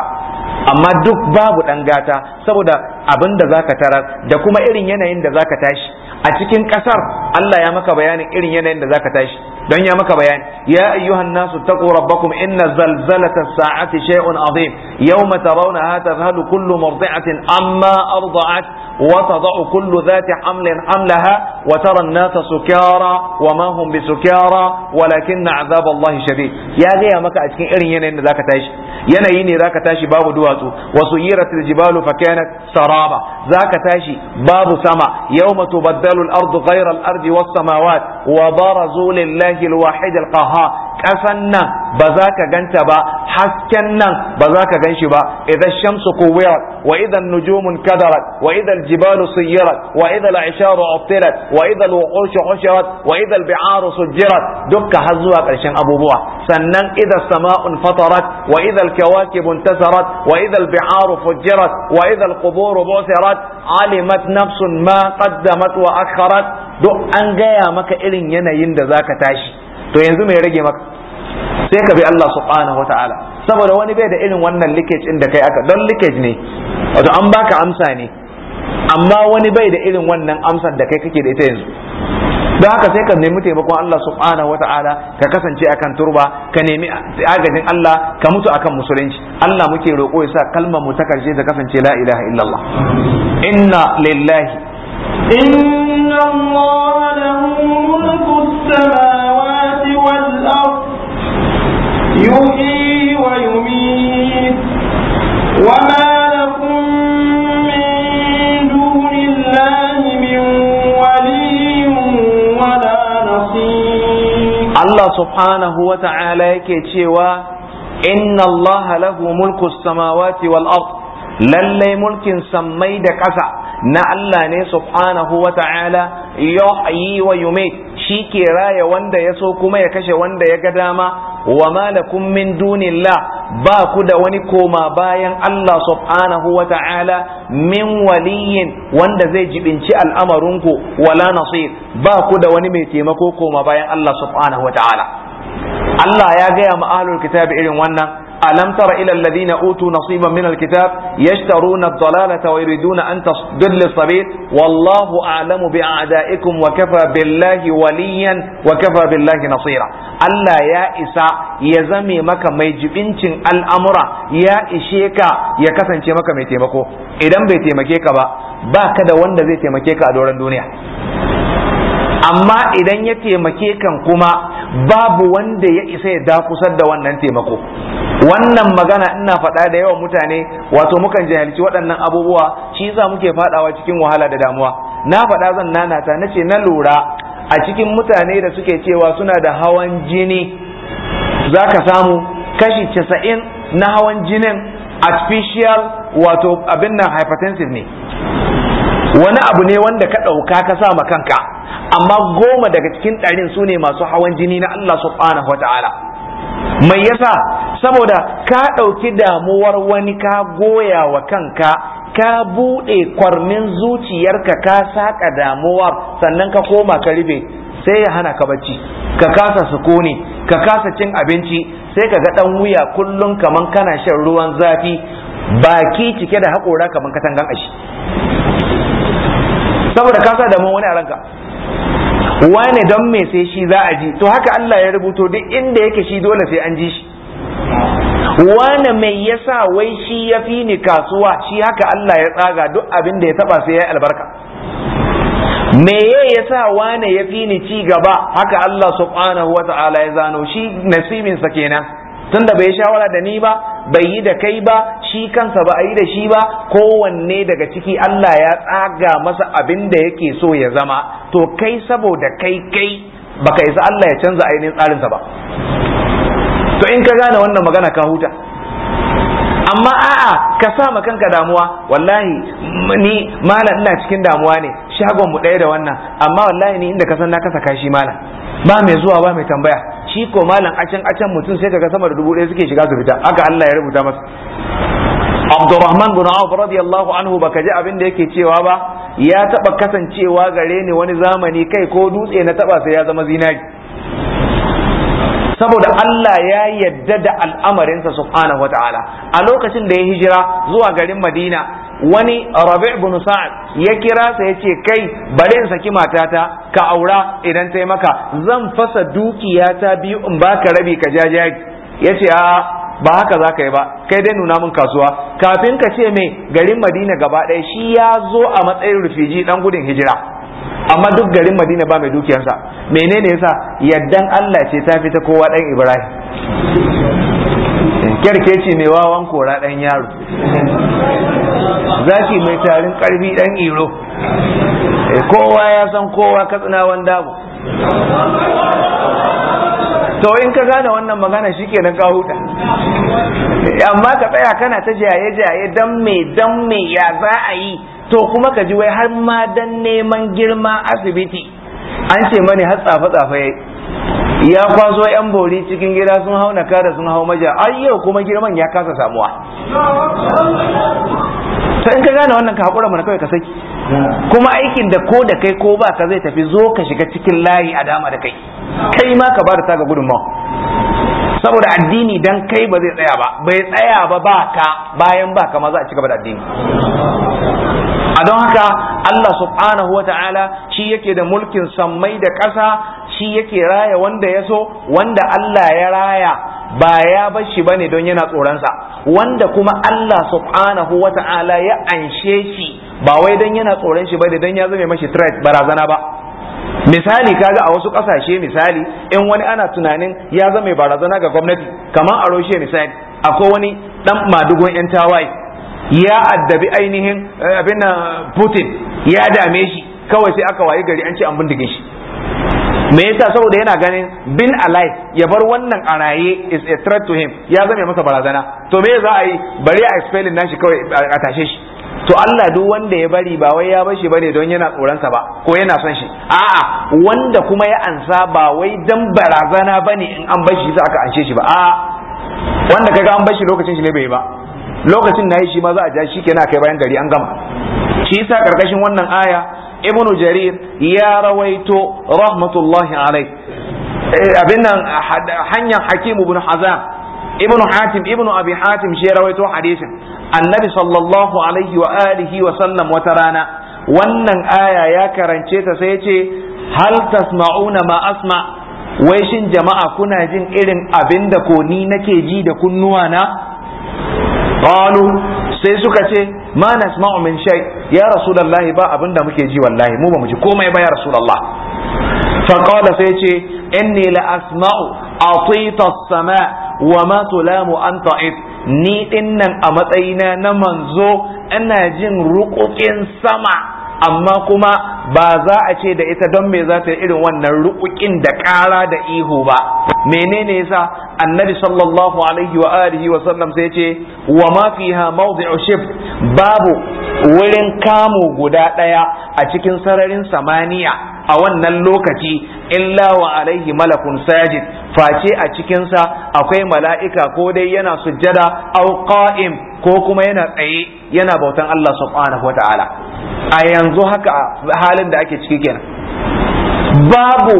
amma duk babu dan gata saboda abin da zaka tarar da kuma irin yanayin da zaka tashi a cikin kasar Allah ya maka bayanin irin yanayin da zaka tashi dan ya maka bayani ya ayyuhan nasu taqu rabbakum inna zalzalata saati shay'un adhim yawma tarawnaha tadhhalu kullu murdi'atin amma arda'at wa tad'u kullu dhati hamlin hamlaha wa tara an-nasa sukara wa ma hum bisukara walakinna 'adhaballahi shadid ya ga ya maka a cikin irin yanayin da zaka tashi yanayi ne zaka tashi babu duwatsu wa suyiratil jibalu fa kanat saraba zaka tashi babu sama yawma tubaddalu al-ardu ghayra al-ardi was samawat wa barazu lillahi الله الواحد القها كفنا بزاك جنت با بزاك بذاك إذا الشمس قويرت وإذا النجوم انكدرت وإذا الجبال صيرت وإذا العشار عطلت وإذا الوحوش عشرت وإذا البعار سجرت دك هزوا قرشان أبو بوا سنن إذا السماء انفطرت وإذا الكواكب انتثرت وإذا البعار فجرت وإذا القبور بعثرت علمت نفس ما قدمت وأخرت duk an gaya maka irin yanayin da zaka tashi to yanzu mai rage maka sai ka bi Allah subhanahu wataala saboda wani bai da irin wannan leakage din da kai aka don leakage ne wato an baka amsa ne amma wani bai da irin wannan amsar da kai kake da ita yanzu don haka sai ka nemi taimakon Allah subhanahu wata'ala ka kasance akan turba ka nemi agajin Allah ka mutu akan musulunci Allah muke roƙo ya sa kalmar mu ta karshe ta kasance la ilaha illallah inna lillahi إن الله له ملك السماوات والأرض ويميت وما لكم من دون الله من ولي ولا نصير سبحانه وتعالى يكي إن الله له ملك السماوات والأرض lallai mulkin sammai da ƙasa na Allah ne subhanahu wa ta'ala yuhyi wa yumit shi ke raya wanda ya so kuma ya kashe wanda ya ga dama wa malakum min dunillah ba ku da wani koma bayan Allah subhanahu wa ta'ala min waliyin wanda zai jibinci al'amarinku wala nasir ba ku da wani mai taimako koma bayan Allah subhanahu wa ta'ala Allah ya gaya ma ahlul kitabi irin wannan ألم تر إلى الذين أوتوا نصيبا من الكتاب يشترون الضلالة ويريدون أن تضل السبيل والله أعلم بأعدائكم وكفى بالله وليا وكفى بالله نصيرا Allah ya isa ya zame maka mai jibincin al'amura ya isheka ya kasance maka mai taimako idan bai taimake ka ba ba ka da wanda zai taimake ka a doron duniya amma idan ya taimake kan kuma babu wanda ya isa ya dakusar da wannan taimako wannan magana ina faɗa da yawan mutane wato mukan jahilci waɗannan abubuwa shi za muke faɗawa cikin wahala da damuwa na faɗa zan nanata na ce na lura a cikin mutane da suke cewa suna da hawan jini zaka samu kashi casa'in na hawan jinin artificial wato abin nan hypertensive ne wani abu ne wanda ka ɗauka ka sa kanka amma goma daga cikin ɗarin su ne masu hawan jini na Allah subhanahu wata'ala mai yasa saboda ka ɗauki damuwar wani ka goya wa kanka ka buɗe kwarmin zuciyarka ka saƙa damuwar sannan ka koma ka ribe sai ya hana ka bacci ka kasa sukuni ka kasa cin abinci sai ka ga ɗan wuya kullum kaman kana shan ruwan zafi baki cike da haƙora kaman katangan ashi saboda ka sa damuwa wani a ranka wane don me sai shi za a ji to haka Allah ya rubuto duk inda yake shi dole sai an ji shi wane mai yasa wai shi ya fi ni kasuwa shi haka Allah ya tsaga duk abin da ya taba sai ya yi albarka meye yasa wane ya fi ni ci gaba haka Allah subhanahu wa ta'ala ya zano shi nasibinsa kenan Tun tunda bai shawara da ni ba bai yi da kai ba shi kansa ba a yi da shi ba kowanne daga ciki Allah ya tsaga masa abin da yake so ya zama to kai saboda kai kai baka isa Allah ya canza ainihin tsarinsa ba to in ka gane wannan magana ka huta amma a'a ka sa ma kanka damuwa wallahi ni malam ina cikin damuwa ne shagon mu ɗaya da wannan amma wallahi ni inda ka san na kasa kashi malam ba mai zuwa ba mai tambaya shi ko malam acan acan mutum sai kaga sama da dubu ɗaya suke shiga su fita haka Allah ya rubuta masa Abdurrahman bin Auf radiyallahu anhu baka ji abin da yake cewa ba ya taba kasancewa gare ni wani zamani kai ko dutse na taba sai ya zama zinari saboda Allah ya yadda da al'amarinsa subhanahu wa ta'ala a lokacin da ya hijira zuwa garin Madina wani rabi' ibn sa'ad ya kira sa yace kai bari in saki matata ka aura idan ta maka zan fasa dukiyata biyu in baka rabi ka jajaji yace a ba haka za ka yi ba kai dai nuna min kasuwa kafin ka ce mai garin madina gaba ɗaya shi ya zo a matsayin rufiji dan gudun hijira amma duk garin madina ba mai dukiyarsa menene yasa yaddan allah ce ta fita kowa dan ibrahim ce mai wawan kora ɗan yaro zaki mai tarin ƙarfi ɗan iro eh, kowa ya san kowa katsina wanda mu. to in ka gane wannan magana ke na kahuta eh, amma ka tsaya kana ta jaye jaye dan me dan me ya za a yi to kuma ka ji wai har ma dan neman girma asibiti an ce mani har tsafe-tsafe ya yi. ya kwaso yan bori cikin gida sun hau na kada sun hau maja ai yau kuma girman ya kasa samuwa sai in ka gane wannan ka haƙura mana kawai ka saki kuma aikin da ko da kai ko ba ka zai tafi zo ka shiga cikin layi a dama da kai kai ma ka bada taga gudunmawa saboda addini dan kai ba zai tsaya ba bai tsaya ba ba ka bayan ba ka ma za a ci gaba da addini a don haka Allah subhanahu wa ta'ala shi yake da mulkin sammai da ƙasa shi yake raya wanda ya so wanda Allah ya raya ba ya bar shi bane don yana tsoronsa wanda kuma Allah subhanahu wata'ala ya anshe shi ba wai don yana tsoron shi bane don ya zame mashi threat barazana ba misali kaga a wasu kasashe misali in wani ana tunanin ya zame barazana ga gwamnati kamar a roshe misali akwai wani dan madugun yan tawaye ya addabi ainihin eh, abin Putin ya dame shi kawai sai aka wayi gari an ci an bindige shi me yasa saboda yana ganin bin alive ya bar wannan a raye is a threat to him ya zame masa barazana to me za a yi bari a expelin nashi kawai a tashe shi to Allah duk wanda ya bari ba wai ya bar shi bane don yana tsoronsa ba ko yana son shi a'a wanda kuma ya ansa ba wai dan barazana bane in an bar shi za aka anshe shi ba a'a wanda kaga an bar shi lokacin shi ne bai ba lokacin na yi shi ma za a ja shi kenan kai bayan gari an gama shi yasa karkashin wannan aya ibnu jarir ya rawaito rahmatullahi alai eh, abin nan hanyar hakim bin hazam ibnu hatim ibnu abi hatim shi ya rawaito hadisin annabi sallallahu alaihi wa alihi wa sallam wata rana wannan aya ya karance ta sai ce hal tasma'una ma asma wai shin jama'a kuna jin irin abin da ko ni nake ji da na? qalu sai suka ce ma nasma'u min shay ya rasulullahi ba abinda muke ji wallahi mu ba mu ji komai ba ya rasulullah fa qala sai ce inni la asma'u atita as-sama' wa ma tulamu anta it ni dinnan a matsayina na manzo ina jin ruƙuƙin sama amma kuma ba za a ce da ita don me za ta yi irin wannan rukukin da ƙara da ihu ba menene yasa annabi sallallahu alaihi wa alihi wa sallam sai ce wa ma fiha mawdi'u shib babu wurin kamu guda ɗaya a cikin sararin samaniya a wannan lokaci illa wa alaihi malakun sajid face a cikinsa akwai mala'ika ko dai yana sujjada au qa'im ko kuma yana tsaye yana bautan Allah subhanahu ta'ala. a yanzu haka halin da ake ciki kenan babu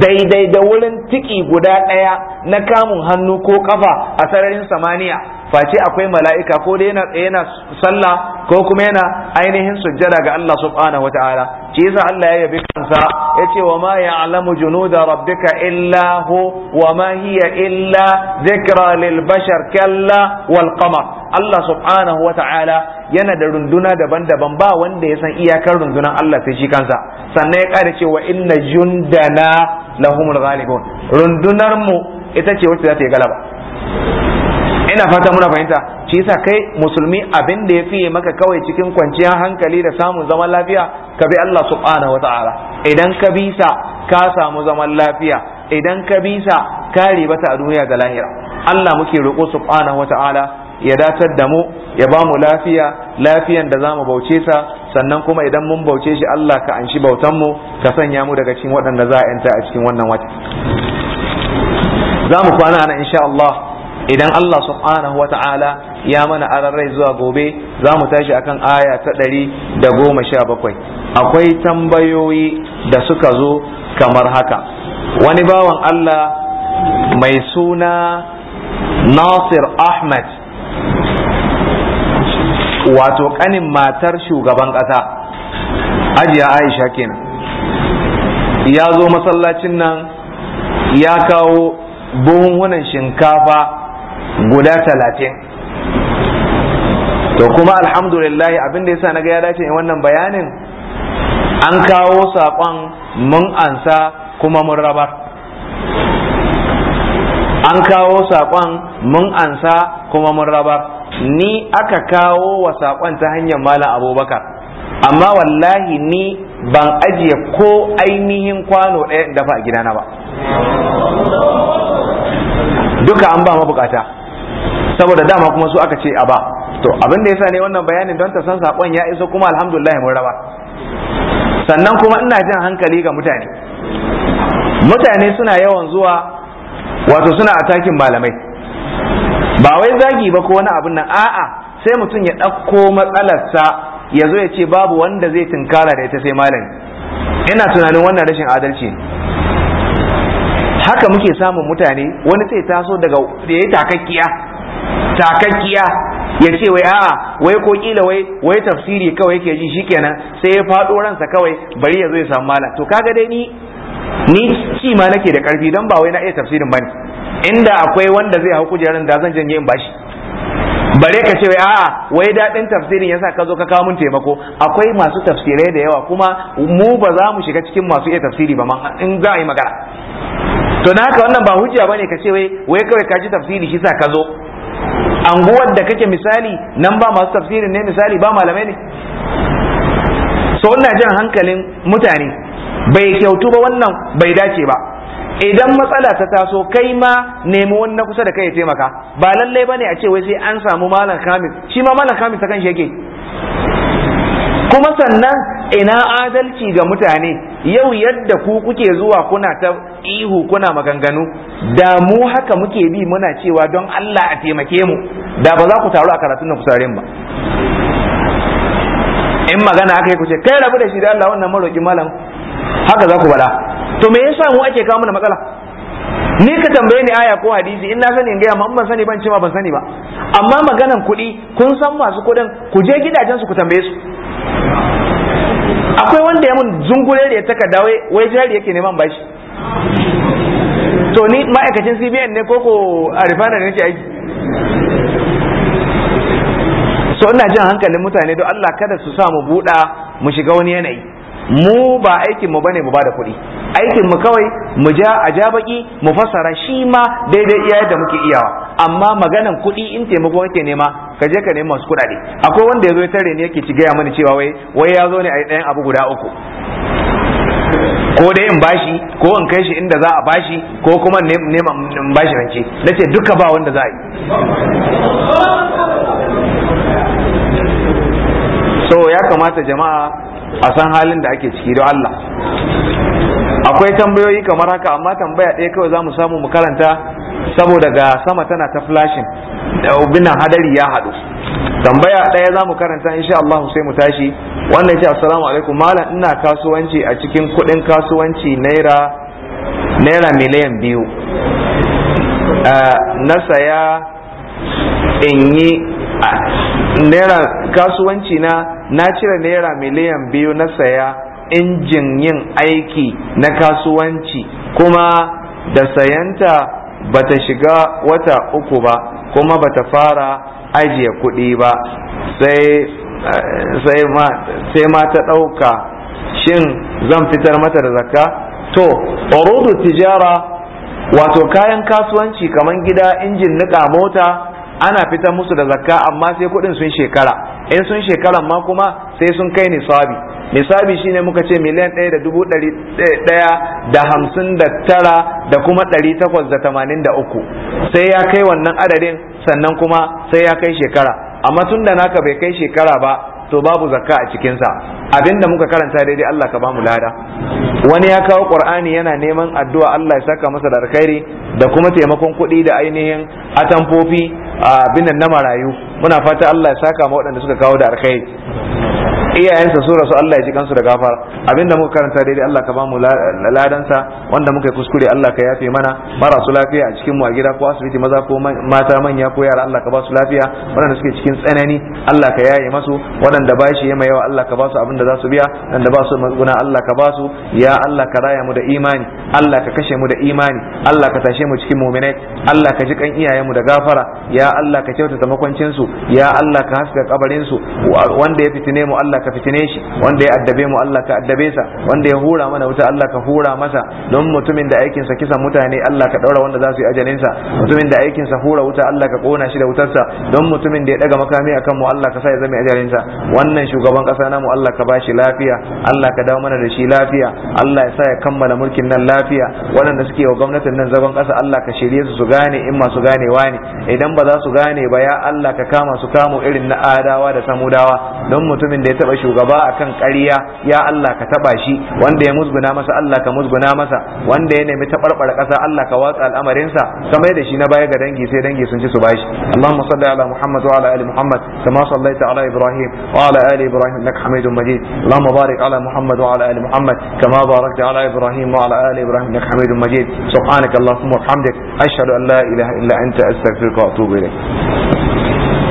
daidai da wurin tiki guda ɗaya na kamun hannu ko ƙafa a sararin samaniya face akwai mala'ika ko dai yana sallah ko kuma yana ainihin sujjada ga Allah subhanahu wataala shi yasa Allah ya yabi kansa yace wa ma ya'lamu junuda rabbika illa hu wa ma hiya illa dhikra lil bashar kalla wal qamar Allah subhanahu wataala yana da runduna daban-daban ba wanda ya san iyakar rundunar Allah sai shi kansa sannan ya ƙara cewa inna jundana lahumul ghalibun rundunar mu ita ce wacce za ta yi galaba ina fata muna fahimta shi yasa kai musulmi abin da ya fiye maka kawai cikin kwanciyar hankali da samun zaman lafiya ka bi Allah subhanahu wa ta'ala idan ka bisa ka samu zaman lafiya idan ka bisa ka ribata a duniya da lahira Allah muke roƙo subhanahu wa ta'ala ya datar da mu ya ba mu lafiya lafiyan da zamu bauce sa sannan kuma idan mun bauce shi Allah ka anshi bautan mu ka sanya mu daga cikin waɗanda za a yanta a cikin wannan wata za mu kwana ana insha Allah idan Allah subhanahu wata'ala ya mana aran rai zuwa gobe za mu tashi akan aya ta ɗari da goma sha bakwai akwai tambayoyi da suka zo kamar haka wani bawan Allah mai suna Nasir Ahmed wato ƙanin matar shugaban ƙasa ajiya Aisha kenan ya zo masallacin nan ya kawo buhunhunan shinkafa guda talatin to kuma alhamdulillah abin da yasa naga ya dace in wannan bayanin an kawo saƙon mun ansa kuma mun rabar an kawo saƙon mun ansa kuma mun rabar ni aka kawo wa saƙon ta hanyar malam abubakar amma wallahi ni ban ajiye ko ainihin kwano ɗaya dafa a gidana ba duka an ba mabukata saboda dama kuma su aka ce a ba to abin da yasa ne wannan bayanin don ta san sakon ya iso kuma alhamdulillah mun raba sannan kuma ina jin hankali ga mutane mutane suna yawan zuwa wato suna atakin malamai ba wai zagi ba ko wani abin nan a'a sai mutum ya ɗauko matsalarsa ya zo ya ce babu wanda zai tunkara da ita sai malami ina tunanin wannan rashin adalci haka muke samun mutane wani sai taso daga da ya takakkiya takakkiya ya ce wai a'a wai ko kila wai wai tafsiri kawai yake ji shikenan sai ya faɗo ransa kawai bari ya zo ya samu malam to kaga dai ni ni ci ma nake da karfi dan ba wai na iya tafsirin bane inda akwai wanda zai hau kujerar da zan janye in bashi bare ka ce wai a'a wai daɗin tafsirin yasa ka zo ka kawo mun taimako akwai masu tafsirai da yawa kuma mu ba za mu shiga cikin masu iya tafsiri ba man in za a yi magana to na haka wannan ba hujja bane ka ce wai wai kawai ka ji tafsiri shi sa ka zo anguwar da kake misali nan ba masu tafsirin ne misali ba malamai ne so ina jan hankalin mutane bai kyautu ba wannan bai dace ba idan matsala ta taso kai ma nemi wani na kusa da kai ya taimaka ba lallai bane a ce wai sai an samu malam kamil shi ma malam kamil ta kan shi yake kuma sannan ina adalci ga mutane yau yadda ku kuke zuwa kuna ta ihu kuna maganganu da mu haka muke bi muna cewa don Allah a taimake mu da ba za ku taru a karatun nan ku sare ba in magana aka yi ku ce kai rabu da shi da Allah wannan maroki malam haka za ku bada to me yasa mu ake kawo mana matsala ni ka tambaye ni aya ko hadisi in na sani in gaya ma ban sani ban ce ma ban sani ba amma maganan kuɗi kun san masu kuɗin ku je gidajen su ku tambaye su akwai wanda ya mun zungure da ya taka dawe wai jari yake neman bashi to ni ma'aikacin cbn ne koko a rifanar nake aiki so ina jin hankalin mutane don allah kada su sa mu buɗa mu shiga wani yanayi mu ba aikin mu bane mu bada kuɗi aikin mu kawai mu ja a ja baki mu fassara shi ma daidai iya da muke iyawa amma maganan kuɗi in taimako kake nema ka je ka nemi masu kuɗaɗe akwai wanda ya zo ya tare ne yake ci gaya mani cewa wai wai ya zo ne a ɗayan abu guda uku ko dai in bashi ko in kai shi inda za a bashi ko kuma nema in bashi rance na ce duka ba wanda za a yi so ya kamata jama'a a san halin da ake ciki don Allah akwai tambayoyi kamar haka amma tambaya ɗaya kawai za mu samu mu karanta saboda ga sama tana ta flashing da binan hadari ya haɗu tambaya ɗaya za mu karanta insha Allah sai mu tashi wannan ce assalamu alaikum malam ina kasuwanci a cikin kuɗin kasuwanci naira naira miliyan biyu na saya in yi naira kasuwanci na na cire naira miliyan biyu na saya injin yin aiki na kasuwanci kuma da sayanta bata shiga wata uku ba kuma bata fara ajiye kuɗi ba eh, sai ma ta ɗauka shin zan fitar mata da zakka to urudu tijara wato kayan kasuwanci kamar gida injin niƙa mota ana fitar musu da zakka amma sai kuɗin sun shekara in sun shekara ma kuma sai sun kai nisabi nisabi shine muka ce miliyan ɗaya da dubu ɗaya da hamsin da tara da kuma ɗari takwas da tamanin da uku sai ya kai wannan adadin sannan kuma sai ya kai shekara amma tun da naka bai kai shekara ba to babu zakka a cikinsa abinda muka karanta daidai Allah ka bamu lada wani ya kawo qur'ani yana neman addu'a Allah ya saka masa da alkhairi da kuma taimakon kuɗi da ainihin atamfofi a binan na marayu muna fata Allah ya saka ma waɗanda suka kawo da alkhairi iyayensa su rasu Allah ya ji kansu da gafara abinda muka karanta daidai Allah ka bamu ladansa wanda muka yi kuskure Allah ka yafe mana marasu lafiya a cikin mu a gida ko asibiti maza ko mata manya ko yara Allah ka ba su lafiya wanda suke cikin tsanani Allah ka yaye masu waɗanda ba shi yema yawa Allah ka ba su abinda za su biya waɗanda ba su guna Allah ka ba su ya Allah ka raya mu da imani Allah ka kashe mu da imani Allah ka tashe mu cikin mu'minai Allah ka ji kan iyayenmu da gafara ya Allah ka kyautata makwancin su ya Allah ka haska kabarin su wanda ya fitine mu Allah ka fitine shi wanda ya addabe mu Allah ka addabe sa wanda ya hura mana wuta Allah ka hura masa don mutumin da aikinsa kisan mutane Allah ka daura wanda za su yi ajalin sa mutumin da aikinsa hura wuta Allah ka kona shi da wutar sa. don mutumin da ya daga makami akan mu Allah ka sa ya zama ajalin sa wannan shugaban kasa na mu Allah ka bashi lafiya Allah ka dawo mana da shi lafiya Allah ya sa ya kammala mulkin nan lafiya waɗanda suke wa gwamnatin nan zagon kasa Allah ka shirye su su gane in masu ganewa ne idan ba za su gane ba ya Allah ka kama su kamo irin na adawa da samudawa don mutumin da ya taba wa shugaba akan ƙarya ya Allah ka taba shi wanda ya musguna masa Allah ka musguna masa wanda ya nemi tabarbara ƙasa Allah ka watsa al'amarinsa ka da shi na baya ga dangi sai dangi sun ci su bashi Allahumma salli ala Muhammad wa ala ali Muhammad kama sallaita ala Ibrahim wa ala ali Ibrahim innaka Hamidum Majid Allahumma barik ala Muhammad wa ala ali Muhammad kama barakta ala Ibrahim wa ala ali Ibrahim innaka Hamidum Majid subhanaka Allahumma wa bihamdik ashhadu an la ilaha illa anta astaghfiruka wa atubu ilayk